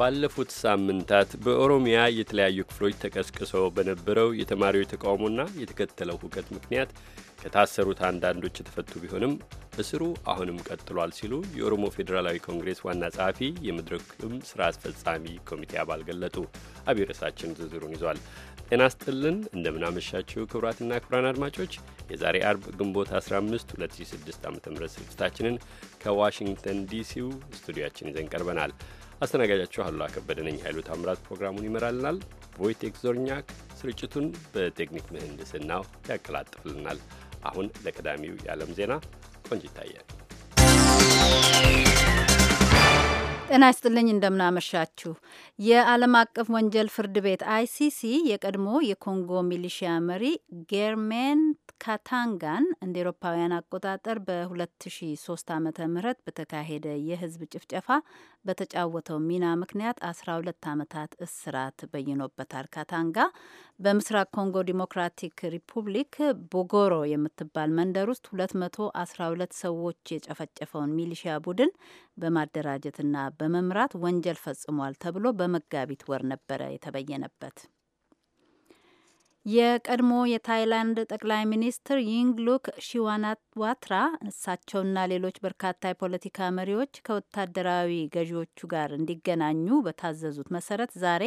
ባለፉት ሳምንታት በኦሮሚያ የተለያዩ ክፍሎች ተቀስቅሶ በነበረው የተማሪዎች ተቃውሞና የተከተለው ሁከት ምክንያት ከታሰሩት አንዳንዶች የተፈቱ ቢሆንም እስሩ አሁንም ቀጥሏል ሲሉ የኦሮሞ ፌዴራላዊ ኮንግሬስ ዋና ጸሐፊ የመድረክም ስራ አስፈጻሚ ኮሚቴ አባል ገለጡ። አብይ ርዕሳችን ዝርዝሩን ይዟል። ጤና ስጥልን እንደምናመሻችሁ ክቡራትና ክቡራን አድማጮች የዛሬ አርብ ግንቦት 15 2006 ዓ ም ስርጭታችንን ከዋሽንግተን ዲሲው ስቱዲያችን ይዘን ቀርበናል። አስተናጋጃችሁ አሉላ ከበደ ነኝ። ኃይሉ ታምራት ፕሮግራሙን ይመራልናል። ቮይቴክ ዞርኛክ ስርጭቱን በቴክኒክ ምህንድስናው ያቀላጥፍልናል። አሁን ለቀዳሚው የዓለም ዜና ቆንጅ ይታያል። ጤና ይስጥልኝ እንደምናመሻችሁ። የዓለም አቀፍ ወንጀል ፍርድ ቤት አይሲሲ የቀድሞ የኮንጎ ሚሊሺያ መሪ ጌርሜን ካታንጋን እንደ ኤሮፓውያን አቆጣጠር በ2003 ዓ ም በተካሄደ የህዝብ ጭፍጨፋ በተጫወተው ሚና ምክንያት 12 ዓመታት እስራት በይኖበታል። ካታንጋ በምስራቅ ኮንጎ ዲሞክራቲክ ሪፑብሊክ ቦጎሮ የምትባል መንደር ውስጥ 212 ሰዎች የጨፈጨፈውን ሚሊሺያ ቡድን በማደራጀትና በመምራት ወንጀል ፈጽሟል ተብሎ በመጋቢት ወር ነበረ የተበየነበት። የቀድሞ የታይላንድ ጠቅላይ ሚኒስትር ይንግ ሉክ ሺዋናዋትራ እሳቸውና ሌሎች በርካታ የፖለቲካ መሪዎች ከወታደራዊ ገዢዎቹ ጋር እንዲገናኙ በታዘዙት መሰረት ዛሬ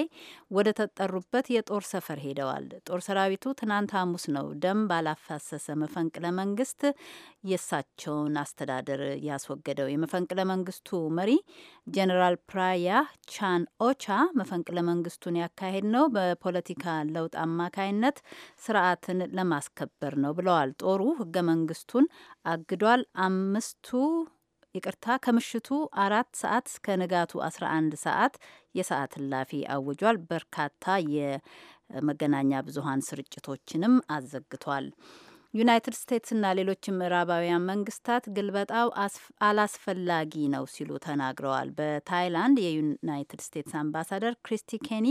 ወደ ተጠሩበት የጦር ሰፈር ሄደዋል። ጦር ሰራዊቱ ትናንት ሐሙስ ነው ደም ባላፋሰሰ መፈንቅለ መንግስት የእሳቸውን አስተዳደር ያስወገደው። የመፈንቅለ መንግስቱ መሪ ጀኔራል ፕራያ ቻን ኦቻ መፈንቅለ መንግስቱን ያካሄድ ነው በፖለቲካ ለውጥ አማካይነት በላይነት ስርዓትን ለማስከበር ነው ብለዋል። ጦሩ ህገ መንግስቱን አግዷል። አምስቱ ይቅርታ ከምሽቱ አራት ሰዓት እስከ ንጋቱ 11 ሰዓት የሰዓት እላፊ አውጇል። በርካታ የመገናኛ ብዙሀን ስርጭቶችንም አዘግቷል። ዩናይትድ ስቴትስና ሌሎች ምዕራባውያን መንግስታት ግልበጣው አላስፈላጊ ነው ሲሉ ተናግረዋል። በታይላንድ የዩናይትድ ስቴትስ አምባሳደር ክሪስቲ ኬኒ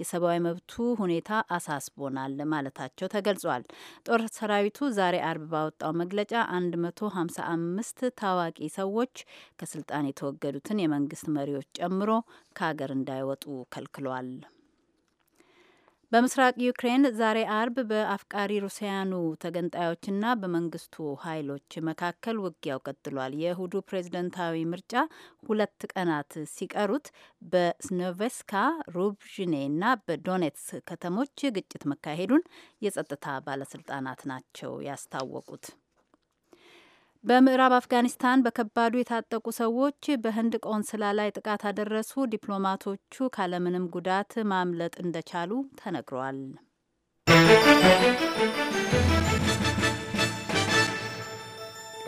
የሰብአዊ መብቱ ሁኔታ አሳስቦናል ማለታቸው ተገልጿል። ጦር ሰራዊቱ ዛሬ አርብ ባወጣው መግለጫ 155 ታዋቂ ሰዎች ከስልጣን የተወገዱትን የመንግስት መሪዎች ጨምሮ ከሀገር እንዳይወጡ ከልክሏል። በምስራቅ ዩክሬን ዛሬ አርብ በአፍቃሪ ሩሲያኑ ተገንጣዮችና በመንግስቱ ኃይሎች መካከል ውጊያው ቀጥሏል። የእሁዱ ፕሬዝደንታዊ ምርጫ ሁለት ቀናት ሲቀሩት በስኖቬስካ እና በዶኔትስክ ከተሞች ግጭት መካሄዱን የጸጥታ ባለስልጣናት ናቸው ያስታወቁት። በምዕራብ አፍጋኒስታን በከባዱ የታጠቁ ሰዎች በህንድ ቆንስላ ላይ ጥቃት አደረሱ። ዲፕሎማቶቹ ካለምንም ጉዳት ማምለጥ እንደቻሉ ተነግሯል።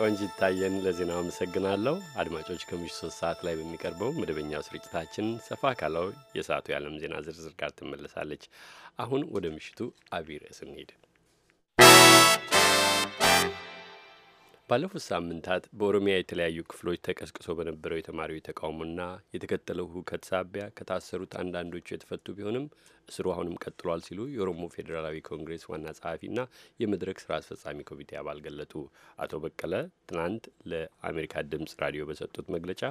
ቆንጅ ይታየን ለዜናው አመሰግናለሁ። አድማጮች ከምሽቱ ሶስት ሰዓት ላይ በሚቀርበው መደበኛው ስርጭታችን ሰፋ ካለው የሰዓቱ የዓለም ዜና ዝርዝር ጋር ትመለሳለች። አሁን ወደ ምሽቱ አብይ ርዕስ ባለፉት ሳምንታት በኦሮሚያ የተለያዩ ክፍሎች ተቀስቅሶ በነበረው የተማሪዎች ተቃውሞና የተከተለው ሁከት ሳቢያ ከታሰሩት አንዳንዶቹ የተፈቱ ቢሆንም እስሩ አሁንም ቀጥሏል ሲሉ የኦሮሞ ፌዴራላዊ ኮንግሬስ ዋና ጸሐፊና የመድረክ ስራ አስፈጻሚ ኮሚቴ አባል ገለጡ። አቶ በቀለ ትናንት ለአሜሪካ ድምፅ ራዲዮ በሰጡት መግለጫ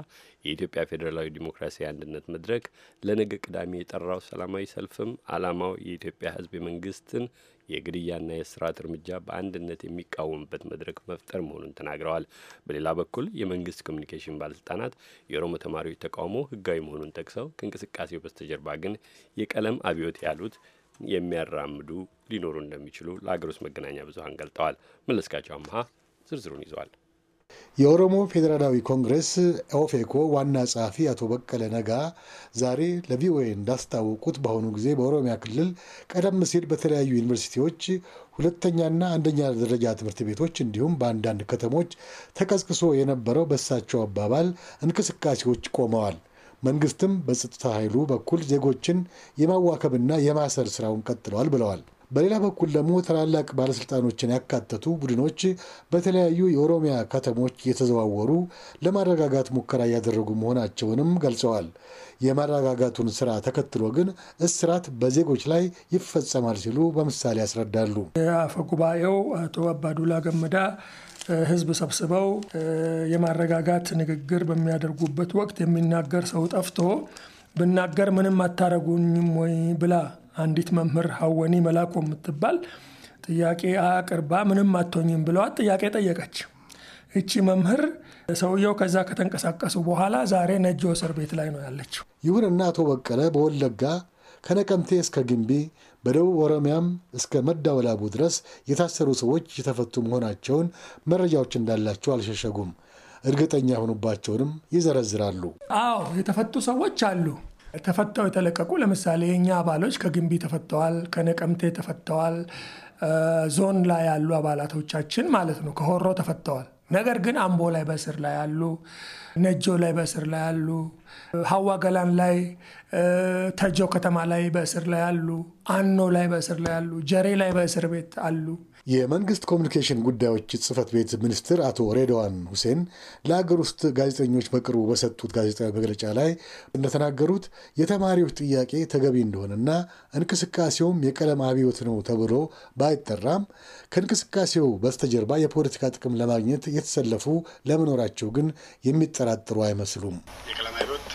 የኢትዮጵያ ፌዴራላዊ ዲሞክራሲያዊ አንድነት መድረክ ለነገ ቅዳሜ የጠራው ሰላማዊ ሰልፍም አላማው የኢትዮጵያ ሕዝብ የመንግስትን የግድያና የስርዓት እርምጃ በአንድነት የሚቃወምበት መድረክ መፍጠር መሆኑን ተናግረዋል። በሌላ በኩል የመንግስት ኮሚኒኬሽን ባለስልጣናት የኦሮሞ ተማሪዎች ተቃውሞ ህጋዊ መሆኑን ጠቅሰው ከእንቅስቃሴው በስተጀርባ ግን የቀለም አብዮት ያሉት የሚያራምዱ ሊኖሩ እንደሚችሉ ለአገር ውስጥ መገናኛ ብዙሀን ገልጠዋል። መለስካቸው አምሀ ዝርዝሩን ይዘዋል። የኦሮሞ ፌዴራላዊ ኮንግሬስ ኦፌኮ ዋና ጸሐፊ አቶ በቀለ ነጋ ዛሬ ለቪኦኤ እንዳስታወቁት በአሁኑ ጊዜ በኦሮሚያ ክልል ቀደም ሲል በተለያዩ ዩኒቨርሲቲዎች ሁለተኛና አንደኛ ደረጃ ትምህርት ቤቶች እንዲሁም በአንዳንድ ከተሞች ተቀዝቅሶ የነበረው በሳቸው አባባል እንቅስቃሴዎች ቆመዋል። መንግስትም በጸጥታ ኃይሉ በኩል ዜጎችን የማዋከብና የማሰር ስራውን ቀጥለዋል ብለዋል። በሌላ በኩል ደግሞ ታላላቅ ባለስልጣኖችን ያካተቱ ቡድኖች በተለያዩ የኦሮሚያ ከተሞች እየተዘዋወሩ ለማረጋጋት ሙከራ እያደረጉ መሆናቸውንም ገልጸዋል። የማረጋጋቱን ስራ ተከትሎ ግን እስራት በዜጎች ላይ ይፈጸማል ሲሉ በምሳሌ ያስረዳሉ። አፈ ጉባኤው አቶ አባዱላ ገመዳ ህዝብ ሰብስበው የማረጋጋት ንግግር በሚያደርጉበት ወቅት የሚናገር ሰው ጠፍቶ ብናገር ምንም አታረጉኝም ወይ ብላ አንዲት መምህር ሀወኒ መላኮ የምትባል ጥያቄ አቅርባ ምንም አቶኝም ብለዋት ጥያቄ ጠየቀች። እቺ መምህር ሰውየው ከዛ ከተንቀሳቀሱ በኋላ ዛሬ ነጆ እስር ቤት ላይ ነው ያለችው። ይሁንና አቶ በቀለ በወለጋ ከነቀምቴ እስከ ግንቢ በደቡብ ኦሮሚያም እስከ መዳወላቡ ድረስ የታሰሩ ሰዎች የተፈቱ መሆናቸውን መረጃዎች እንዳላቸው አልሸሸጉም። እርግጠኛ የሆኑባቸውንም ይዘረዝራሉ። አዎ የተፈቱ ሰዎች አሉ። ተፈተው የተለቀቁ ለምሳሌ የእኛ አባሎች ከግንቢ ተፈተዋል፣ ከነቀምቴ ተፈተዋል። ዞን ላይ ያሉ አባላቶቻችን ማለት ነው ከሆሮ ተፈተዋል። ነገር ግን አምቦ ላይ በእስር ላይ ያሉ፣ ነጆ ላይ በእስር ላይ ያሉ፣ ሀዋ ገላን ላይ ተጆ ከተማ ላይ በእስር ላይ ያሉ፣ አኖ ላይ በእስር ላይ ያሉ፣ ጀሬ ላይ በእስር ቤት አሉ። የመንግስት ኮሚኒኬሽን ጉዳዮች ጽህፈት ቤት ሚኒስትር አቶ ሬድዋን ሁሴን ለሀገር ውስጥ ጋዜጠኞች በቅርቡ በሰጡት ጋዜጣዊ መግለጫ ላይ እንደተናገሩት የተማሪዎች ጥያቄ ተገቢ እንደሆነና እንቅስቃሴውም የቀለም አብዮት ነው ተብሎ ባይጠራም ከእንቅስቃሴው በስተጀርባ የፖለቲካ ጥቅም ለማግኘት የተሰለፉ ለመኖራቸው ግን የሚጠራጥሩ አይመስሉም። የቀለም አብዮት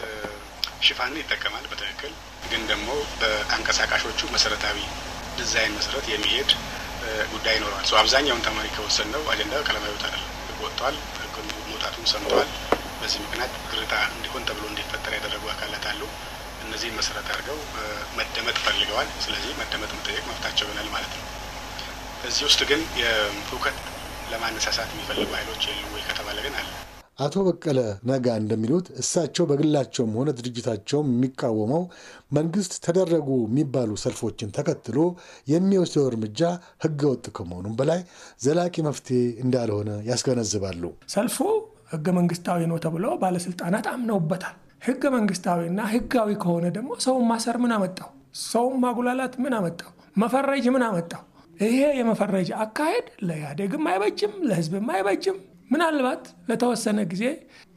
ሽፋንን ይጠቀማል። በትክክል ግን ደግሞ በአንቀሳቃሾቹ መሰረታዊ ዲዛይን መሰረት የሚሄድ ጉዳይ ይኖረዋል። አብዛኛውን ተማሪ ከወሰን ነው አጀንዳ ከለማዊ ወጥ አይደለም ወጥቷል። ህግ መውጣቱን ሰምተዋል። በዚህ ምክንያት ግርታ እንዲሆን ተብሎ እንዲፈጠር ያደረጉ አካላት አሉ። እነዚህን መሰረት አድርገው መደመጥ ፈልገዋል። ስለዚህ መደመጥ፣ መጠየቅ መብታቸው ይሆናል ማለት ነው። እዚህ ውስጥ ግን የእውቀት ለማነሳሳት የሚፈልጉ ሀይሎች የሉ ወይ ከተባለ ግን አለ። አቶ በቀለ ነጋ እንደሚሉት እሳቸው በግላቸውም ሆነ ድርጅታቸው የሚቃወመው መንግስት ተደረጉ የሚባሉ ሰልፎችን ተከትሎ የሚወስደው እርምጃ ህገወጥ ከመሆኑም በላይ ዘላቂ መፍትሄ እንዳልሆነ ያስገነዝባሉ። ሰልፉ ህገ መንግስታዊ ነው ተብሎ ባለስልጣናት አምነውበታል። ህገ መንግስታዊና ህጋዊ ከሆነ ደግሞ ሰውን ማሰር ምን አመጣው? ሰውን ማጉላላት ምን አመጣው? መፈረጅ ምን አመጣው? ይሄ የመፈረጅ አካሄድ ለኢህአዴግም አይበጅም፣ ለህዝብም አይበጅም። ምናልባት ለተወሰነ ጊዜ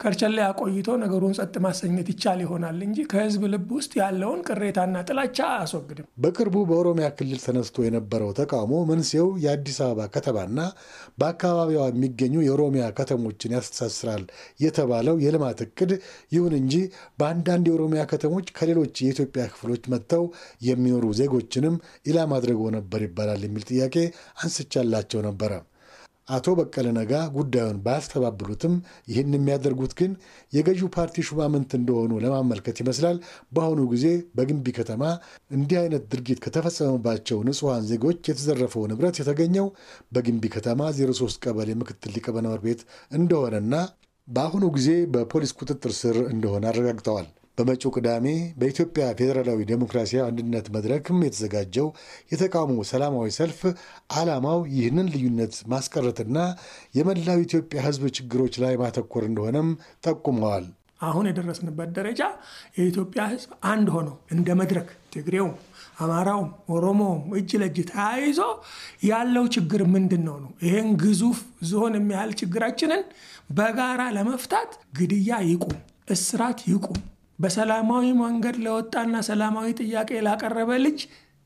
ከርቸን ላይ አቆይቶ ነገሩን ጸጥ ማሰኘት ይቻል ይሆናል እንጂ ከህዝብ ልብ ውስጥ ያለውን ቅሬታና ጥላቻ አያስወግድም። በቅርቡ በኦሮሚያ ክልል ተነስቶ የነበረው ተቃውሞ መንስኤው የአዲስ አበባ ከተማና በአካባቢዋ የሚገኙ የኦሮሚያ ከተሞችን ያስተሳስራል የተባለው የልማት እቅድ፣ ይሁን እንጂ በአንዳንድ የኦሮሚያ ከተሞች ከሌሎች የኢትዮጵያ ክፍሎች መጥተው የሚኖሩ ዜጎችንም ኢላማ አድርጎ ነበር ይባላል የሚል ጥያቄ አንስቻላቸው ነበረ። አቶ በቀለ ነጋ ጉዳዩን ባያስተባብሉትም ይህን የሚያደርጉት ግን የገዢው ፓርቲ ሹማምንት እንደሆኑ ለማመልከት ይመስላል። በአሁኑ ጊዜ በግንቢ ከተማ እንዲህ አይነት ድርጊት ከተፈጸመባቸው ንጹሐን ዜጎች የተዘረፈው ንብረት የተገኘው በግንቢ ከተማ 03 ቀበሌ ምክትል ሊቀመንበር ቤት እንደሆነና በአሁኑ ጊዜ በፖሊስ ቁጥጥር ስር እንደሆነ አረጋግጠዋል። በመጪው ቅዳሜ በኢትዮጵያ ፌዴራላዊ ዴሞክራሲያዊ አንድነት መድረክም የተዘጋጀው የተቃውሞ ሰላማዊ ሰልፍ ዓላማው ይህንን ልዩነት ማስቀረትና የመላው ኢትዮጵያ ሕዝብ ችግሮች ላይ ማተኮር እንደሆነም ጠቁመዋል። አሁን የደረስንበት ደረጃ የኢትዮጵያ ሕዝብ አንድ ሆኖ እንደ መድረክ ትግሬውም አማራውም ኦሮሞውም እጅ ለእጅ ተያይዞ ያለው ችግር ምንድን ነው ነው ይህን ግዙፍ ዝሆን የሚያህል ችግራችንን በጋራ ለመፍታት ግድያ ይቁም፣ እስራት ይቁም በሰላማዊ መንገድ ለወጣና ሰላማዊ ጥያቄ ላቀረበ ልጅ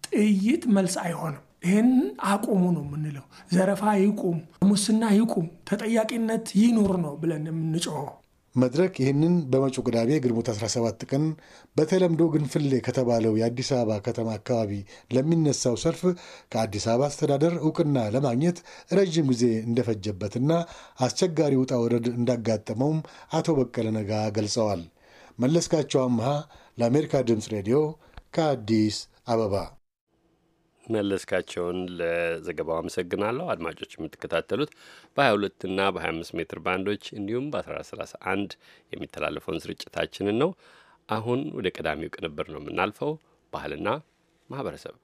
ጥይት መልስ አይሆንም። ይህን አቁሙ ነው የምንለው። ዘረፋ ይቁም፣ ሙስና ይቁም፣ ተጠያቂነት ይኑር ነው ብለን የምንጮኸው። መድረክ ይህንን በመጪው ቅዳሜ ግንቦት 17 ቀን በተለምዶ ግንፍሌ ከተባለው የአዲስ አበባ ከተማ አካባቢ ለሚነሳው ሰልፍ ከአዲስ አበባ አስተዳደር እውቅና ለማግኘት ረዥም ጊዜ እንደፈጀበትና አስቸጋሪ ውጣ ወረድ እንዳጋጠመውም አቶ በቀለ ነጋ ገልጸዋል። መለስካቸው አምሃ ለአሜሪካ ድምፅ ሬዲዮ ከአዲስ አበባ። መለስካቸውን ለዘገባው አመሰግናለሁ። አድማጮች የምትከታተሉት በ22 እና በ25 ሜትር ባንዶች እንዲሁም በ1131 የሚተላለፈውን ስርጭታችንን ነው። አሁን ወደ ቀዳሚው ቅንብር ነው የምናልፈው። ባህልና ማህበረሰብ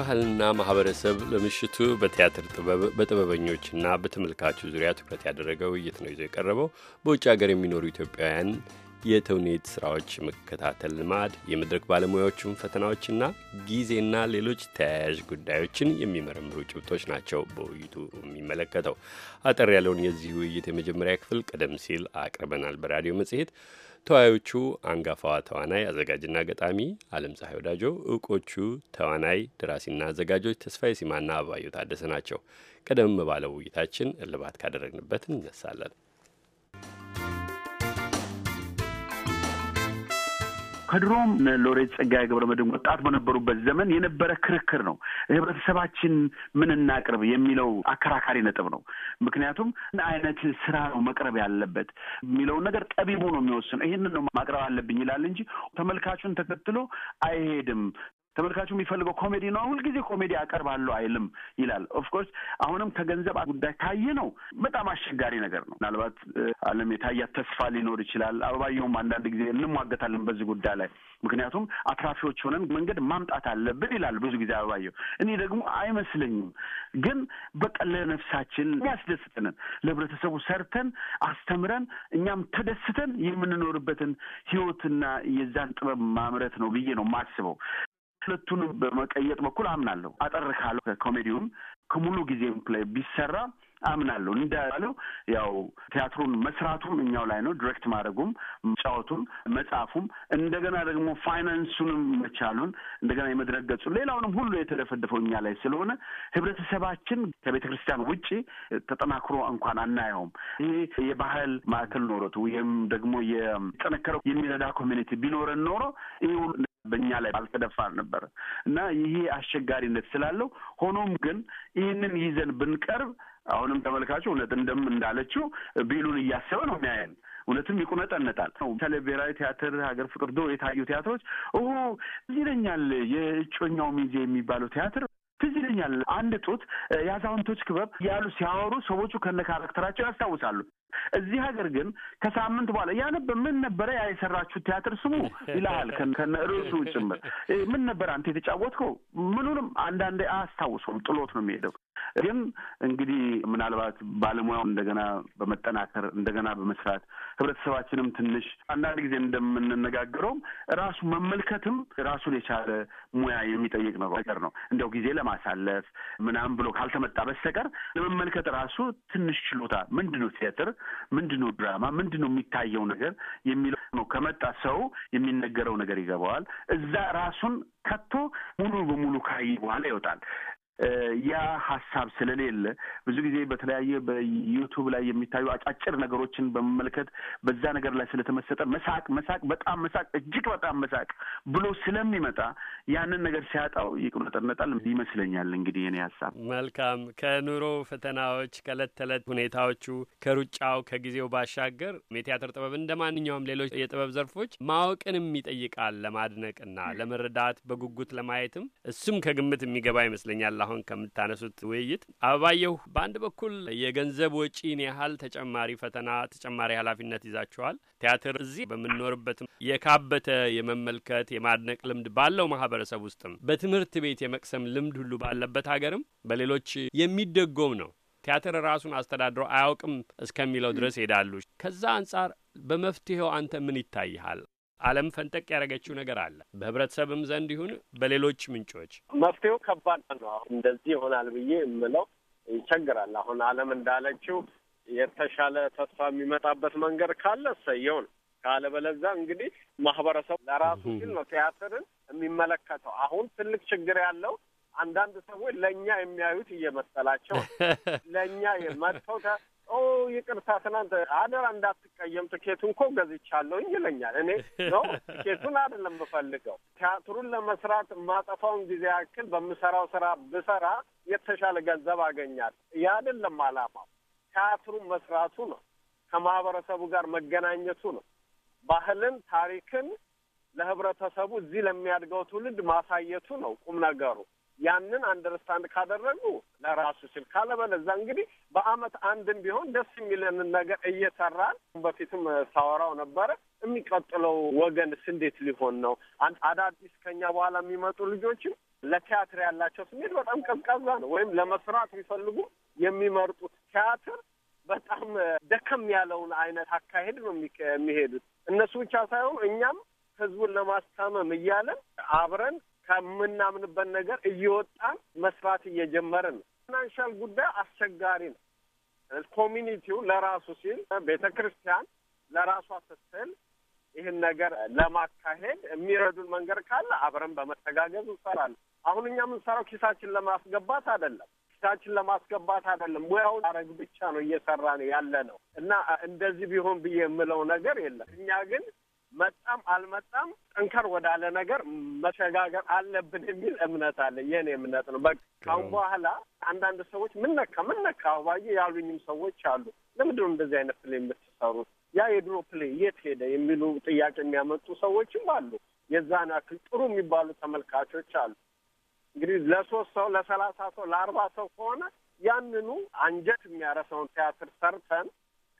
ባህልና ማህበረሰብ ለምሽቱ በቲያትር ጥበብ በጥበበኞችና በተመልካቹ ዙሪያ ትኩረት ያደረገ ውይይት ነው ይዞ የቀረበው። በውጭ ሀገር የሚኖሩ ኢትዮጵያውያን የተውኔት ስራዎች መከታተል ልማድ፣ የመድረክ ባለሙያዎችን ፈተናዎችና ጊዜና ሌሎች ተያያዥ ጉዳዮችን የሚመረምሩ ጭብጦች ናቸው በውይይቱ የሚመለከተው። አጠር ያለውን የዚህ ውይይት የመጀመሪያ ክፍል ቀደም ሲል አቅርበናል በራዲዮ መጽሔት ተወያዮቹ አንጋፋዋ ተዋናይ አዘጋጅና ገጣሚ አለም ፀሐይ ወዳጆ፣ እውቆቹ ተዋናይ ደራሲና አዘጋጆች ተስፋዬ ሲማና አበባየሁ ታደሰ ናቸው። ቀደም ባለው ውይይታችን እልባት ካደረግንበት እንነሳለን። ከድሮም ሎሬት ጸጋዬ መድን ወጣት በነበሩበት ዘመን የነበረ ክርክር ነው። ህብረተሰባችን ምን እናቅርብ የሚለው አከራካሪ ነጥብ ነው። ምክንያቱም ምን አይነት ስራ ነው መቅረብ ያለበት የሚለውን ነገር ጠቢቡ ነው የሚወስነው። ይህንን ነው ማቅረብ አለብኝ ይላል እንጂ ተመልካቹን ተከትሎ አይሄድም። ተመልካቹ የሚፈልገው ኮሜዲ ነው። ሁልጊዜ ኮሜዲ አቀርባለሁ አይልም ይላል። ኦፍኮርስ አሁንም ከገንዘብ ጉዳይ ካየ ነው በጣም አስቸጋሪ ነገር ነው። ምናልባት አለም የታያት ተስፋ ሊኖር ይችላል። አበባየውም አንዳንድ ጊዜ እንሟገታለን በዚህ ጉዳይ ላይ ምክንያቱም አትራፊዎች ሆነን መንገድ ማምጣት አለብን ይላል ብዙ ጊዜ አበባየው። እኔ ደግሞ አይመስለኝም። ግን በቀለ ነፍሳችን የሚያስደስተንን ለህብረተሰቡ ሰርተን አስተምረን እኛም ተደስተን የምንኖርበትን ህይወትና የዛን ጥበብ ማምረት ነው ብዬ ነው የማስበው። ሁለቱንም በመቀየጥ በኩል አምናለሁ። አጠር ካለው ከኮሜዲውም ከሙሉ ጊዜም ፕላይ ቢሰራ አምናለሁ። እንዳለው ያው ቲያትሩን መስራቱም እኛው ላይ ነው። ዲሬክት ማድረጉም፣ መጫወቱም፣ መጻፉም እንደገና ደግሞ ፋይናንሱንም መቻሉን እንደገና የመድረክ ገጹ ሌላውንም ሁሉ የተደፈደፈው እኛ ላይ ስለሆነ ህብረተሰባችን ከቤተ ክርስቲያን ውጭ ተጠናክሮ እንኳን አናየውም። ይሄ የባህል ማዕከል ኖሮት ወይም ደግሞ የጠነከረው የሚረዳ ኮሚኒቲ ቢኖረን ኖሮ ይህ በእኛ ላይ ባልተደፋን ነበር እና ይሄ አስቸጋሪነት ስላለው ሆኖም ግን ይህንን ይዘን ብንቀርብ አሁንም ተመልካቹ እውነት እንደም እንዳለችው ቢሉን እያሰበ ነው የሚያየን። እውነትም ይቁነጠነጣል። በተለይ ብሔራዊ ቲያትር፣ ሀገር ፍቅር ዶ የታዩ ቲያትሮች ኦ ትዝ ይለኛል። የእጮኛው ሚዜ የሚባለው ቲያትር ትዝ ይለኛል። አንድ ጡት የአዛውንቶች ክበብ ያሉ ሲያወሩ ሰዎቹ ከነ ካራክተራቸው ያስታውሳሉ። እዚህ ሀገር ግን ከሳምንት በኋላ ያነበ ምን ነበረ ያ የሰራችሁ ቲያትር ስሙ ይልሃል ከነ ጭምር ምን ነበር አንተ የተጫወትከው ምኑንም አንዳንዴ አያስታውሱም ጥሎት ነው የሚሄደው ግን እንግዲህ ምናልባት ባለሙያው እንደገና በመጠናከር እንደገና በመስራት ህብረተሰባችንም ትንሽ አንዳንድ ጊዜ እንደምንነጋገረውም ራሱ መመልከትም ራሱን የቻለ ሙያ የሚጠይቅ ነገር ነው። እንደው ጊዜ ለማሳለፍ ምናምን ብሎ ካልተመጣ በስተቀር ለመመልከት ራሱ ትንሽ ችሎታ ምንድን ነው ቲያትር፣ ምንድን ነው ድራማ፣ ምንድን ነው የሚታየው ነገር የሚለው ነው። ከመጣ ሰው የሚነገረው ነገር ይገባዋል። እዛ ራሱን ከቶ ሙሉ በሙሉ ካይ በኋላ ይወጣል። ያ ሀሳብ ስለሌለ ብዙ ጊዜ በተለያየ በዩቱብ ላይ የሚታዩ አጫጭር ነገሮችን በመመልከት በዛ ነገር ላይ ስለተመሰጠ መሳቅ መሳቅ በጣም መሳቅ እጅግ በጣም መሳቅ ብሎ ስለሚመጣ ያንን ነገር ሲያጣው ይቁነጠነጣል ይመስለኛል። እንግዲህ የኔ ሀሳብ መልካም ከኑሮ ፈተናዎች ከእለት ተዕለት ሁኔታዎቹ ከሩጫው ከጊዜው ባሻገር የቲያትር ጥበብ እንደ ማንኛውም ሌሎች የጥበብ ዘርፎች ማወቅንም ይጠይቃል ለማድነቅና ለመረዳት በጉጉት ለማየትም እሱም ከግምት የሚገባ ይመስለኛል። አሁን ከምታነሱት ውይይት አበባየሁ፣ በአንድ በኩል የገንዘብ ወጪን ያህል ተጨማሪ ፈተና ተጨማሪ ኃላፊነት ይዛችኋል። ቲያትር እዚህ በምንኖርበትም የካበተ የመመልከት የማድነቅ ልምድ ባለው ማህበረሰብ ውስጥም በትምህርት ቤት የመቅሰም ልምድ ሁሉ ባለበት ሀገርም በሌሎች የሚደጎም ነው። ቲያትር ራሱን አስተዳድሮ አያውቅም እስከሚለው ድረስ ሄዳሉ። ከዛ አንጻር በመፍትሄው አንተ ምን ይታይሃል? ዓለም ፈንጠቅ ያደረገችው ነገር አለ። በህብረተሰብም ዘንድ ይሁን በሌሎች ምንጮች መፍትሄው ከባድ ነው። እንደዚህ ይሆናል ብዬ የምለው ይቸግራል። አሁን ዓለም እንዳለችው የተሻለ ተስፋ የሚመጣበት መንገድ ካለ እሰየው ነው። ካለበለዛ እንግዲህ ማህበረሰቡ ለራሱ ግን ነው ቲያትርን የሚመለከተው። አሁን ትልቅ ችግር ያለው አንዳንድ ሰዎች ለእኛ የሚያዩት እየመሰላቸው ለእኛ መጥተው ኦ ይቅርታ፣ ትናንት አደራ እንዳትቀየም ትኬቱ እንኮ ገዝቻለሁ ይለኛል። እኔ ነው ትኬቱን አይደለም የምፈልገው። ቲያትሩን ለመስራት ማጠፋውን ጊዜ ያክል በምሰራው ስራ ብሰራ የተሻለ ገንዘብ አገኛል። ያ አይደለም አላማው። ቲያትሩን መስራቱ ነው፣ ከማህበረሰቡ ጋር መገናኘቱ ነው፣ ባህልን ታሪክን ለህብረተሰቡ እዚህ ለሚያድገው ትውልድ ማሳየቱ ነው ቁም ነገሩ። ያንን አንደርስታንድ ካደረጉ ለራሱ ሲል ካለበለዛ እንግዲህ በአመት አንድም ቢሆን ደስ የሚለንን ነገር እየሰራን በፊትም ሳወራው ነበረ። የሚቀጥለው ወገንስ እንዴት ሊሆን ነው? አዳዲስ ከኛ በኋላ የሚመጡ ልጆችም ለቲያትር ያላቸው ስሜት በጣም ቀዝቃዛ ነው። ወይም ለመስራት ቢፈልጉ የሚመርጡት ቲያትር በጣም ደከም ያለውን አይነት አካሄድ ነው የሚሄዱት። እነሱ ብቻ ሳይሆን እኛም ህዝቡን ለማስታመም እያለን አብረን ከምናምንበት ነገር እየወጣን መስራት እየጀመርን ነው። ፋይናንሻል ጉዳይ አስቸጋሪ ነው። ኮሚኒቲው ለራሱ ሲል ቤተ ክርስቲያን ለራሷ ስትል ይህን ነገር ለማካሄድ የሚረዱን መንገድ ካለ አብረን በመተጋገዝ እንሰራለን። አሁን እኛ የምንሰራው ኪሳችን ለማስገባት አይደለም፣ ኪሳችን ለማስገባት አይደለም። ሙያውን አረግ ብቻ ነው እየሰራ ነው ያለ ነው እና እንደዚህ ቢሆን ብዬ የምለው ነገር የለም። እኛ ግን መጣም አልመጣም ጠንከር ወዳለ ነገር መሸጋገር አለብን የሚል እምነት አለ። የኔ እምነት ነው። በቃ ካሁን በኋላ አንዳንድ ሰዎች ምነካ ምነካ አባዬ ያሉኝም ሰዎች አሉ። ለምንድን ነው እንደዚህ አይነት ፕሌ የምትሰሩት? ያ የድሮ ፕሌ የት ሄደ የሚሉ ጥያቄ የሚያመጡ ሰዎችም አሉ። የዛን ያክል ጥሩ የሚባሉ ተመልካቾች አሉ። እንግዲህ ለሶስት ሰው ለሰላሳ ሰው ለአርባ ሰው ከሆነ ያንኑ አንጀት የሚያረሰውን ቲያትር ሰርተን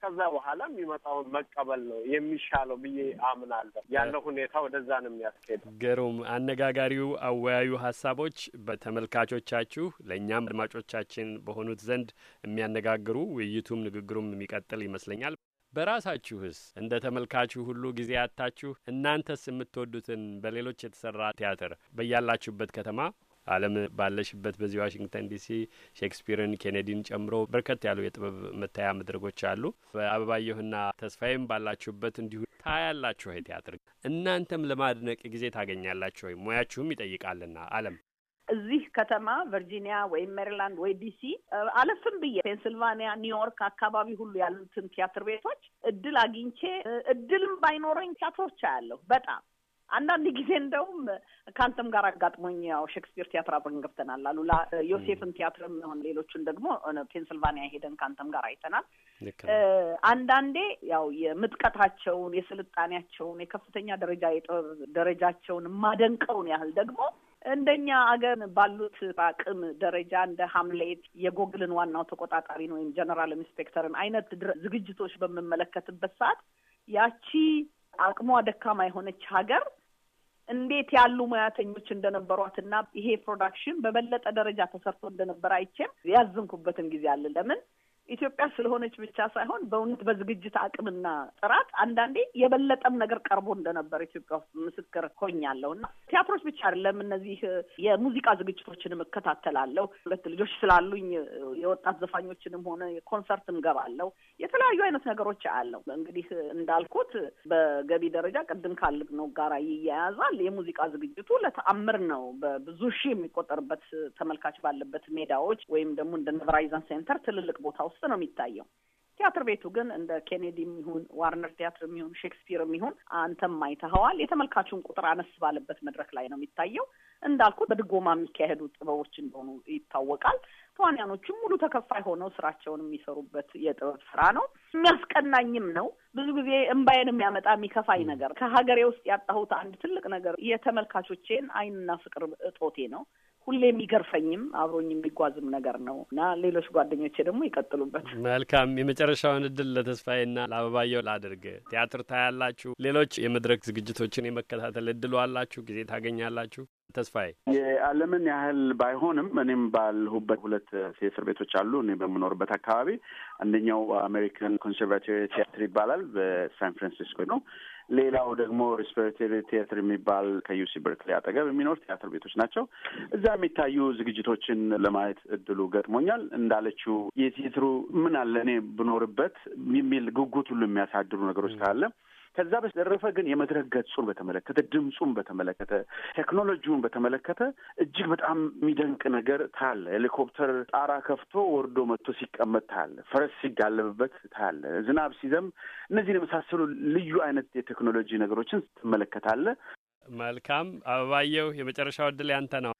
ከዛ በኋላ የሚመጣውን መቀበል ነው የሚሻለው ብዬ አምናለሁ። ያለው ሁኔታ ወደዛ ነው የሚያስኬድ። ግሩም አነጋጋሪው አወያዩ ሀሳቦች በተመልካቾቻችሁ ለእኛም አድማጮቻችን በሆኑት ዘንድ የሚያነጋግሩ ውይይቱም ንግግሩም የሚቀጥል ይመስለኛል። በራሳችሁስ እንደ ተመልካቹ ሁሉ ጊዜ ያታችሁ እናንተስ የምትወዱትን በሌሎች የተሰራ ቲያትር በያላችሁበት ከተማ ዓለም ባለሽበት በዚህ ዋሽንግተን ዲሲ ሼክስፒርን፣ ኬኔዲን ጨምሮ በርከት ያሉ የጥበብ መታያ መድረጎች አሉ። አበባየሁና ተስፋዬም ባላችሁበት እንዲሁ ታያላችሁ። ይ ቲያትር እናንተም ለማድነቅ ጊዜ ታገኛላችሁ ወይ? ሙያችሁም ይጠይቃልና ዓለም እዚህ ከተማ ቨርጂኒያ ወይም ሜሪላንድ ወይ ዲሲ አለፍም ብዬ ፔንስልቫኒያ፣ ኒውዮርክ አካባቢ ሁሉ ያሉትን ቲያትር ቤቶች እድል አግኝቼ እድልም ባይኖረኝ ቲያትሮች አያለሁ በጣም አንዳንድ ጊዜ እንደውም ከአንተም ጋር አጋጥሞኝ ያው ሼክስፒር ቲያትር አብረን ገብተናል። አሉ ዮሴፍን ቲያትርም ሆን ሌሎቹን ደግሞ ፔንስልቫኒያ ሄደን ከአንተም ጋር አይተናል። አንዳንዴ ያው የምጥቀታቸውን፣ የስልጣኔያቸውን፣ የከፍተኛ ደረጃ የጥበብ ደረጃቸውን የማደንቀውን ያህል ደግሞ እንደኛ አገር ባሉት በአቅም ደረጃ እንደ ሀምሌት የጎግልን ዋናው ተቆጣጣሪን ወይም ጀነራል ኢንስፔክተርን አይነት ዝግጅቶች በምመለከትበት ሰዓት ያቺ አቅሟ ደካማ የሆነች ሀገር እንዴት ያሉ ሙያተኞች እንደነበሯት እና ይሄ ፕሮዳክሽን በበለጠ ደረጃ ተሰርቶ እንደነበር አይቼም ያዝንኩበትን ጊዜ አለ። ለምን ኢትዮጵያ ስለሆነች ብቻ ሳይሆን በእውነት በዝግጅት አቅምና ጥራት አንዳንዴ የበለጠም ነገር ቀርቦ እንደነበር ኢትዮጵያ ውስጥ ምስክር ሆኛለሁ እና ቲያትሮች ብቻ አይደለም፣ እነዚህ የሙዚቃ ዝግጅቶችንም እከታተላለሁ። ሁለት ልጆች ስላሉኝ የወጣት ዘፋኞችንም ሆነ ኮንሰርት እንገባለሁ። የተለያዩ አይነት ነገሮች አያለሁ። እንግዲህ እንዳልኩት በገቢ ደረጃ ቅድም ነው ጋር ይያያዛል። የሙዚቃ ዝግጅቱ ለተአምር ነው። በብዙ ሺህ የሚቆጠርበት ተመልካች ባለበት ሜዳዎች ወይም ደግሞ እንደ ቨራይዘን ሴንተር ትልልቅ ቦታ ውስጥ ውስጥ ነው የሚታየው። ቲያትር ቤቱ ግን እንደ ኬኔዲ የሚሆን ዋርነር ቲያትር የሚሆን ሼክስፒር የሚሆን አንተም ማይተኸዋል የተመልካቹን ቁጥር አነስ ባለበት መድረክ ላይ ነው የሚታየው። እንዳልኩ በድጎማ የሚካሄዱ ጥበቦች እንደሆኑ ይታወቃል። ተዋንያኖቹም ሙሉ ተከፋይ ሆነው ስራቸውን የሚሰሩበት የጥበብ ስራ ነው። የሚያስቀናኝም ነው። ብዙ ጊዜ እምባዬን የሚያመጣ የሚከፋኝ ነገር ከሀገሬ ውስጥ ያጣሁት አንድ ትልቅ ነገር የተመልካቾቼን አይንና ፍቅር እጦቴ ነው። ሁሌ የሚገርፈኝም አብሮኝ የሚጓዝም ነገር ነው እና ሌሎች ጓደኞቼ ደግሞ ይቀጥሉበት። መልካም የመጨረሻውን እድል ለተስፋዬና ለአበባየው ላድርግ። ቲያትር ታያላችሁ፣ ሌሎች የመድረክ ዝግጅቶችን የመከታተል እድሉ አላችሁ፣ ጊዜ ታገኛላችሁ። ተስፋዬ የዓለምን ያህል ባይሆንም እኔም ባልሁበት ሁለት እስር ቤቶች አሉ። እኔ በምኖርበት አካባቢ አንደኛው አሜሪካን ኮንሰርቫቶሪ ቲያትር ይባላል። በሳን ፍራንሲስኮ ነው። ሌላው ደግሞ ሪስፐሬተሪ ቲያትር የሚባል ከዩሲ በርክሌ አጠገብ የሚኖር ቲያትር ቤቶች ናቸው። እዛ የሚታዩ ዝግጅቶችን ለማየት እድሉ ገጥሞኛል። እንዳለችው የቲያትሩ ምን አለ እኔ ብኖርበት የሚል ጉጉት ሁሉ የሚያሳድሩ ነገሮች ካለ ከዛ በተረፈ ግን የመድረክ ገጹን በተመለከተ ድምፁን በተመለከተ ቴክኖሎጂውን በተመለከተ እጅግ በጣም የሚደንቅ ነገር ታያለ። ሄሊኮፕተር ጣራ ከፍቶ ወርዶ መጥቶ ሲቀመጥ ታያለ። ፈረስ ሲጋለብበት ታያለ። ዝናብ ሲዘም እነዚህን የመሳሰሉ ልዩ አይነት የቴክኖሎጂ ነገሮችን ትመለከታለ። መልካም አበባየሁ፣ የመጨረሻው ዕድል ያንተ ነው።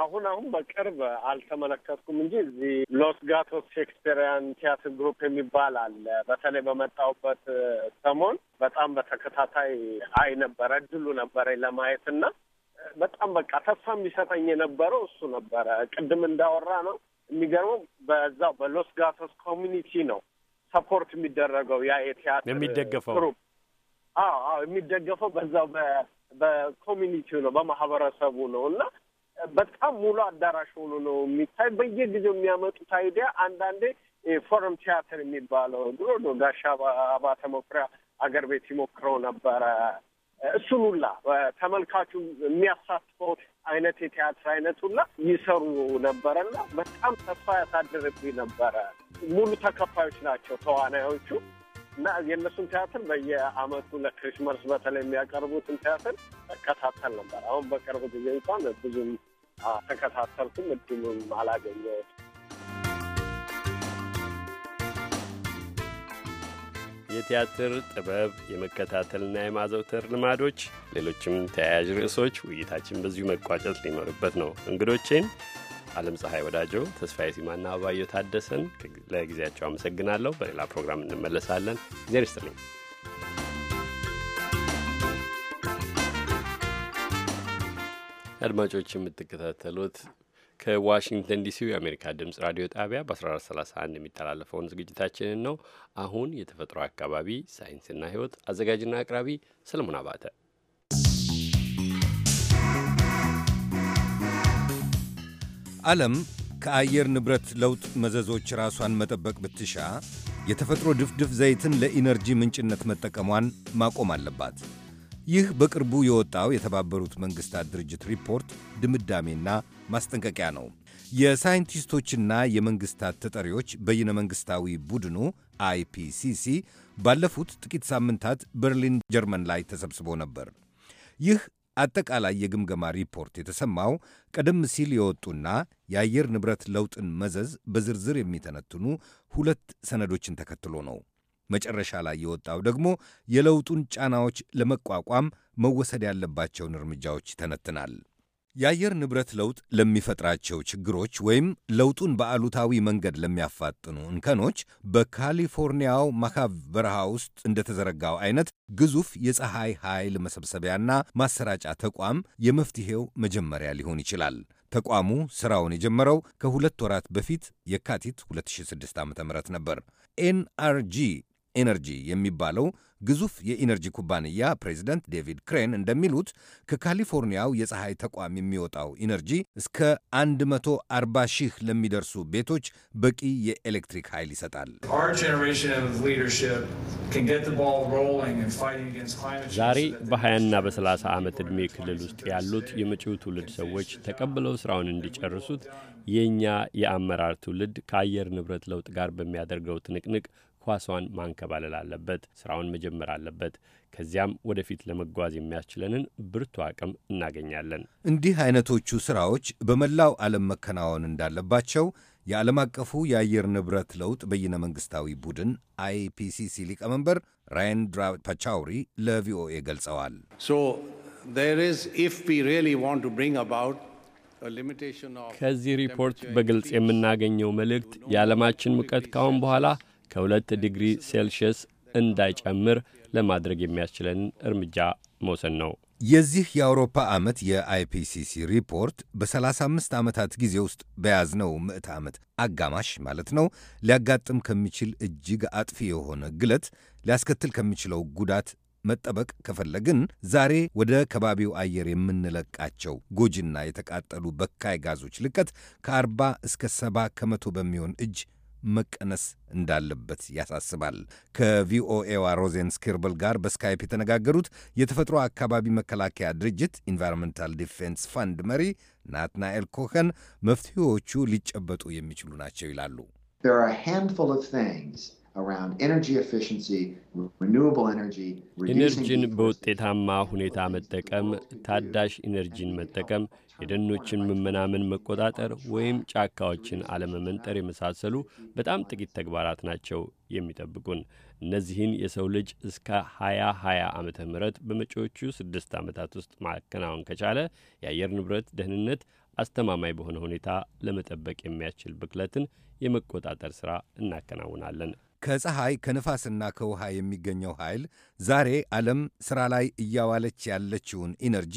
አሁን አሁን በቅርብ አልተመለከትኩም እንጂ እዚህ ሎስ ጋቶስ ሼክስፒሪያን ቲያትር ግሩፕ የሚባል አለ። በተለይ በመጣሁበት ሰሞን በጣም በተከታታይ አይ ነበረ እድሉ ነበረኝ ለማየት እና በጣም በቃ ተስፋ የሚሰጠኝ የነበረው እሱ ነበረ። ቅድም እንዳወራ ነው የሚገርመው በዛው በሎስ ጋቶስ ኮሚኒቲ ነው ሰፖርት የሚደረገው ያ የቲያትር የሚደገፈው ግሩፕ አዎ አዎ የሚደገፈው በዛው በኮሚኒቲው ነው በማህበረሰቡ ነው እና በጣም ሙሉ አዳራሽ ሆኖ ነው የሚታይ። በየጊዜው የሚያመጡት አይዲያ አንዳንዴ ፎረም ቲያትር የሚባለው ድሮ ነው ጋሻ አባተ መኩሪያ አገር ቤት ይሞክረው ነበረ። እሱን ሁላ ተመልካቹ የሚያሳትፈው አይነት የቲያትር አይነት ሁላ ይሰሩ ነበረና በጣም ተስፋ ያሳድርብኝ ነበረ። ሙሉ ተከፋዮች ናቸው ተዋናዮቹ እና የእነሱን ቲያትር በየአመቱ ለክሪስመስ በተለይ የሚያቀርቡትን ቲያትር እከታተል ነበር። አሁን በቅርብ ጊዜ እንኳን ብዙም አልተከታተልኩም፣ እድሉም አላገኘ የቲያትር ጥበብ የመከታተልና የማዘውተር ልማዶች፣ ሌሎችም ተያያዥ ርዕሶች ውይይታችን በዚሁ መቋጨት ሊኖርበት ነው። እንግዶቼን አለም ፀሐይ ወዳጆ፣ ተስፋዬ ሲማና አባዮ ታደሰን ለጊዜያቸው አመሰግናለሁ። በሌላ ፕሮግራም እንመለሳለን። እግዚአብሔር ይስጥልኝ። አድማጮች የምትከታተሉት ከዋሽንግተን ዲሲ የአሜሪካ ድምጽ ራዲዮ ጣቢያ በ1431 የሚተላለፈውን ዝግጅታችንን ነው። አሁን የተፈጥሮ አካባቢ ሳይንስና ሕይወት አዘጋጅና አቅራቢ ሰለሞን አባተ። ዓለም ከአየር ንብረት ለውጥ መዘዞች ራሷን መጠበቅ ብትሻ የተፈጥሮ ድፍድፍ ዘይትን ለኢነርጂ ምንጭነት መጠቀሟን ማቆም አለባት። ይህ በቅርቡ የወጣው የተባበሩት መንግሥታት ድርጅት ሪፖርት ድምዳሜና ማስጠንቀቂያ ነው። የሳይንቲስቶችና የመንግሥታት ተጠሪዎች በይነ መንግሥታዊ ቡድኑ አይፒሲሲ ባለፉት ጥቂት ሳምንታት በርሊን ጀርመን ላይ ተሰብስቦ ነበር። ይህ አጠቃላይ የግምገማ ሪፖርት የተሰማው ቀደም ሲል የወጡና የአየር ንብረት ለውጥን መዘዝ በዝርዝር የሚተነትኑ ሁለት ሰነዶችን ተከትሎ ነው። መጨረሻ ላይ የወጣው ደግሞ የለውጡን ጫናዎች ለመቋቋም መወሰድ ያለባቸውን እርምጃዎች ይተነትናል። የአየር ንብረት ለውጥ ለሚፈጥራቸው ችግሮች ወይም ለውጡን በአሉታዊ መንገድ ለሚያፋጥኑ እንከኖች በካሊፎርኒያው ማካቭ በረሃ ውስጥ እንደተዘረጋው አይነት ግዙፍ የፀሐይ ኃይል መሰብሰቢያና ማሰራጫ ተቋም የመፍትሔው መጀመሪያ ሊሆን ይችላል። ተቋሙ ሥራውን የጀመረው ከሁለት ወራት በፊት የካቲት 2006 .ም ነበር። ኤንአርጂ ኤነርጂ የሚባለው ግዙፍ የኢነርጂ ኩባንያ ፕሬዚደንት ዴቪድ ክሬን እንደሚሉት ከካሊፎርኒያው የፀሐይ ተቋም የሚወጣው ኢነርጂ እስከ 140 ሺህ ለሚደርሱ ቤቶች በቂ የኤሌክትሪክ ኃይል ይሰጣል። ዛሬ በ20ና በ30 ዓመት ዕድሜ ክልል ውስጥ ያሉት የመጪው ትውልድ ሰዎች ተቀብለው ሥራውን እንዲጨርሱት የእኛ የአመራር ትውልድ ከአየር ንብረት ለውጥ ጋር በሚያደርገው ትንቅንቅ ኳሷን ማንከባለል አለበት፣ ስራውን መጀመር አለበት። ከዚያም ወደፊት ለመጓዝ የሚያስችለንን ብርቱ አቅም እናገኛለን። እንዲህ አይነቶቹ ስራዎች በመላው ዓለም መከናወን እንዳለባቸው የዓለም አቀፉ የአየር ንብረት ለውጥ በይነ መንግሥታዊ ቡድን አይፒሲሲ ሊቀመንበር ራይንድራ ፓቻውሪ ለቪኦኤ ገልጸዋል። ከዚህ ሪፖርት በግልጽ የምናገኘው መልእክት የዓለማችን ሙቀት ካሁን በኋላ ከሁለት ዲግሪ ሴልሽየስ እንዳይጨምር ለማድረግ የሚያስችለን እርምጃ መውሰን ነው። የዚህ የአውሮፓ ዓመት የአይፒሲሲ ሪፖርት በ35 ዓመታት ጊዜ ውስጥ በያዝነው ምዕተ ዓመት አጋማሽ ማለት ነው ሊያጋጥም ከሚችል እጅግ አጥፊ የሆነ ግለት ሊያስከትል ከሚችለው ጉዳት መጠበቅ ከፈለግን ዛሬ ወደ ከባቢው አየር የምንለቃቸው ጎጂና የተቃጠሉ በካይ ጋዞች ልቀት ከ40 እስከ 70 ከመቶ በሚሆን እጅ መቀነስ እንዳለበት ያሳስባል። ከቪኦኤዋ ሮዜን ስኪርብል ጋር በስካይፕ የተነጋገሩት የተፈጥሮ አካባቢ መከላከያ ድርጅት ኢንቫይሮንመንታል ዲፌንስ ፋንድ መሪ ናትናኤል ኮኸን መፍትሄዎቹ ሊጨበጡ የሚችሉ ናቸው ይላሉ። ኢነርጂን በውጤታማ ሁኔታ መጠቀም፣ ታዳሽ ኢነርጂን መጠቀም የደኖችን መመናመን መቆጣጠር ወይም ጫካዎችን አለመመንጠር የመሳሰሉ በጣም ጥቂት ተግባራት ናቸው የሚጠብቁን። እነዚህን የሰው ልጅ እስከ 2020 ዓመተ ምህረት በመጪዎቹ ስድስት ዓመታት ውስጥ ማከናወን ከቻለ የአየር ንብረት ደህንነት አስተማማኝ በሆነ ሁኔታ ለመጠበቅ የሚያስችል ብክለትን የመቆጣጠር ሥራ እናከናውናለን። ከፀሐይ ከንፋስና ከውሃ የሚገኘው ኃይል ዛሬ ዓለም ሥራ ላይ እያዋለች ያለችውን ኢነርጂ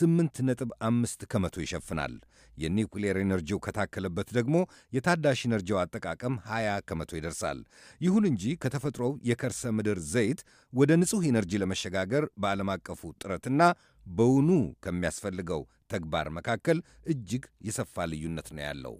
8.5 ከመቶ ይሸፍናል። የኒውክሌር ኢነርጂው ከታከለበት ደግሞ የታዳሽ ኢነርጂው አጠቃቀም 20 ከመቶ ይደርሳል። ይሁን እንጂ ከተፈጥሮው የከርሰ ምድር ዘይት ወደ ንጹሕ ኢነርጂ ለመሸጋገር በዓለም አቀፉ ጥረትና በውኑ ከሚያስፈልገው ተግባር መካከል እጅግ የሰፋ ልዩነት ነው ያለው።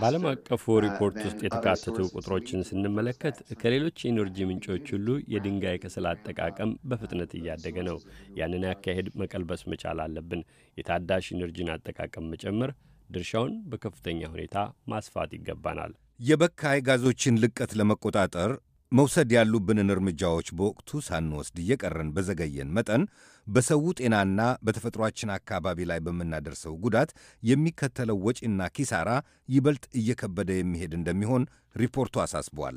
በዓለም አቀፉ uh, ሪፖርት ውስጥ የተካተቱ ቁጥሮችን ስንመለከት ከሌሎች የኢነርጂ ምንጮች ሁሉ የድንጋይ ከሰል አጠቃቀም በፍጥነት እያደገ ነው። ያንን ያካሄድ መቀልበስ መቻል አለብን። የታዳሽ ኢነርጂን አጠቃቀም መጨመር፣ ድርሻውን በከፍተኛ ሁኔታ ማስፋት ይገባናል። የበካይ ጋዞችን ልቀት ለመቆጣጠር መውሰድ ያሉብንን እርምጃዎች በወቅቱ ሳንወስድ እየቀረን በዘገየን መጠን በሰው ጤናና በተፈጥሯችን አካባቢ ላይ በምናደርሰው ጉዳት የሚከተለው ወጪና ኪሳራ ይበልጥ እየከበደ የሚሄድ እንደሚሆን ሪፖርቱ አሳስቧል።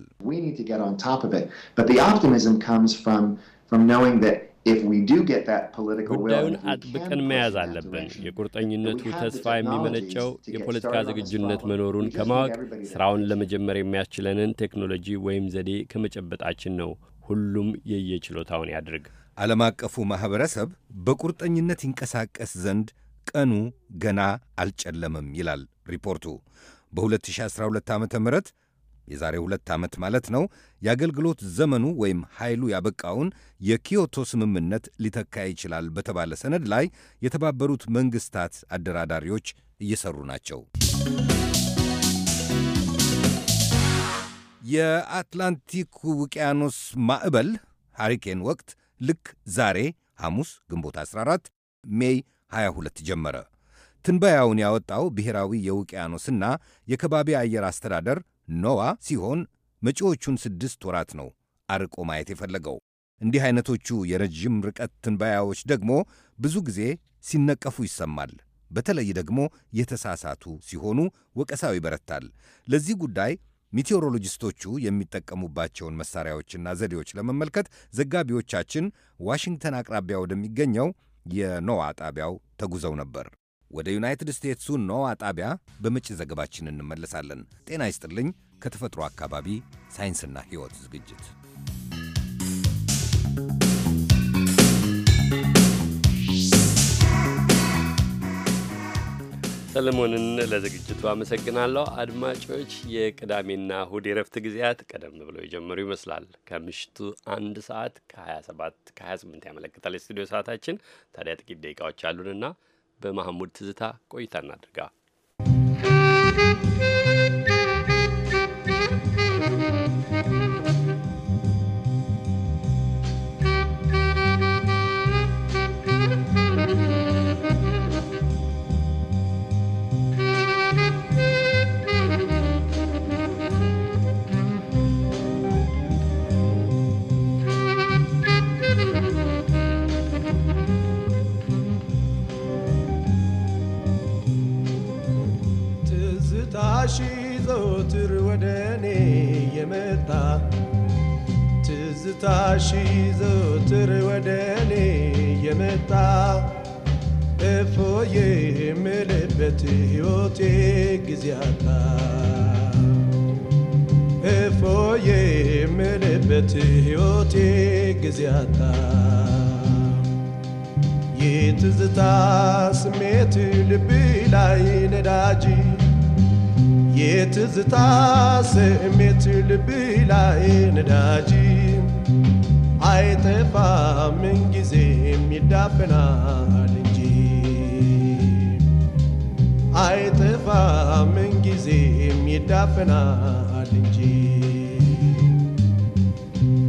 ጉዳዩን አጥብቀን መያዝ አለብን። የቁርጠኝነቱ ተስፋ የሚመነጨው የፖለቲካ ዝግጁነት መኖሩን ከማወቅ ስራውን ለመጀመር የሚያስችለንን ቴክኖሎጂ ወይም ዘዴ ከመጨበጣችን ነው። ሁሉም የየችሎታውን ያድርግ። ዓለም አቀፉ ማኅበረሰብ በቁርጠኝነት ይንቀሳቀስ ዘንድ ቀኑ ገና አልጨለምም ይላል ሪፖርቱ። በ2012 ዓ ም የዛሬ ሁለት ዓመት ማለት ነው። የአገልግሎት ዘመኑ ወይም ኃይሉ ያበቃውን የኪዮቶ ስምምነት ሊተካ ይችላል በተባለ ሰነድ ላይ የተባበሩት መንግሥታት አደራዳሪዎች እየሰሩ ናቸው። የአትላንቲክ ውቅያኖስ ማዕበል ሃሪኬን ወቅት ልክ ዛሬ ሐሙስ ግንቦት 14 ሜይ 22 ጀመረ። ትንበያውን ያወጣው ብሔራዊ የውቅያኖስና የከባቢ አየር አስተዳደር ኖዋ ሲሆን መጪዎቹን ስድስት ወራት ነው አርቆ ማየት የፈለገው። እንዲህ አይነቶቹ የረዥም ርቀት ትንበያዎች ደግሞ ብዙ ጊዜ ሲነቀፉ ይሰማል። በተለይ ደግሞ የተሳሳቱ ሲሆኑ ወቀሳው ይበረታል። ለዚህ ጉዳይ ሚቴዎሮሎጂስቶቹ የሚጠቀሙባቸውን መሳሪያዎችና ዘዴዎች ለመመልከት ዘጋቢዎቻችን ዋሽንግተን አቅራቢያ ወደሚገኘው የኖዋ ጣቢያው ተጉዘው ነበር። ወደ ዩናይትድ ስቴትሱ ኖዋ ጣቢያ በመጪ ዘገባችን እንመለሳለን። ጤና ይስጥልኝ። ከተፈጥሮ አካባቢ ሳይንስና ሕይወት ዝግጅት ሰለሞንን ለዝግጅቱ አመሰግናለሁ። አድማጮች የቅዳሜና እሁድ የረፍት ጊዜያት ቀደም ብሎ የጀመሩ ይመስላል። ከምሽቱ አንድ ሰዓት ከ27 ከ28 ያመለክታል የስቱዲዮ ሰዓታችን። ታዲያ ጥቂት ደቂቃዎች አሉንና በማህሙድ ትዝታ ቆይታ እናድርጋ። ዘወትር ወደ እኔ የመጣ ትዝታሽ ዘወትር ወደ እኔ የመጣ እፎዬ የምልበት ሕይወቴ ጊዜ አጣ እፎዬ የምልበት ሕይወቴ ጊዜ አጣ የትዝታ ስሜት ልብ ላይ ነዳጅ የትዝታ ስሜት ልብ ላይ ነዳጅ አይጠፋ ምንጊዜም ይዳፈናል እንጂ አይጠፋ ምንጊዜም ይዳፈናል እንጂ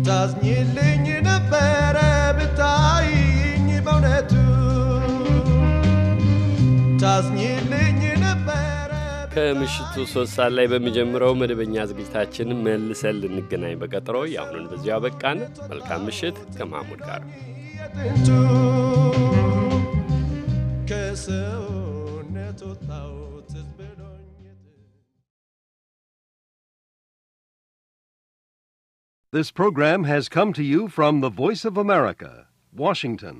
ታዝኝልኝ ነበረ ብታይኝ በእውነቱ ታዝኝልኝ ከምሽቱ ሶስት ሰዓት ላይ በሚጀምረው መደበኛ ዝግጅታችን መልሰን ልንገናኝ በቀጠሮ የአሁኑን በዚሁ አበቃን። መልካም ምሽት ከማሙድ ጋር ከሰውነት ወጣሁት This program has come to you from the Voice of America, Washington.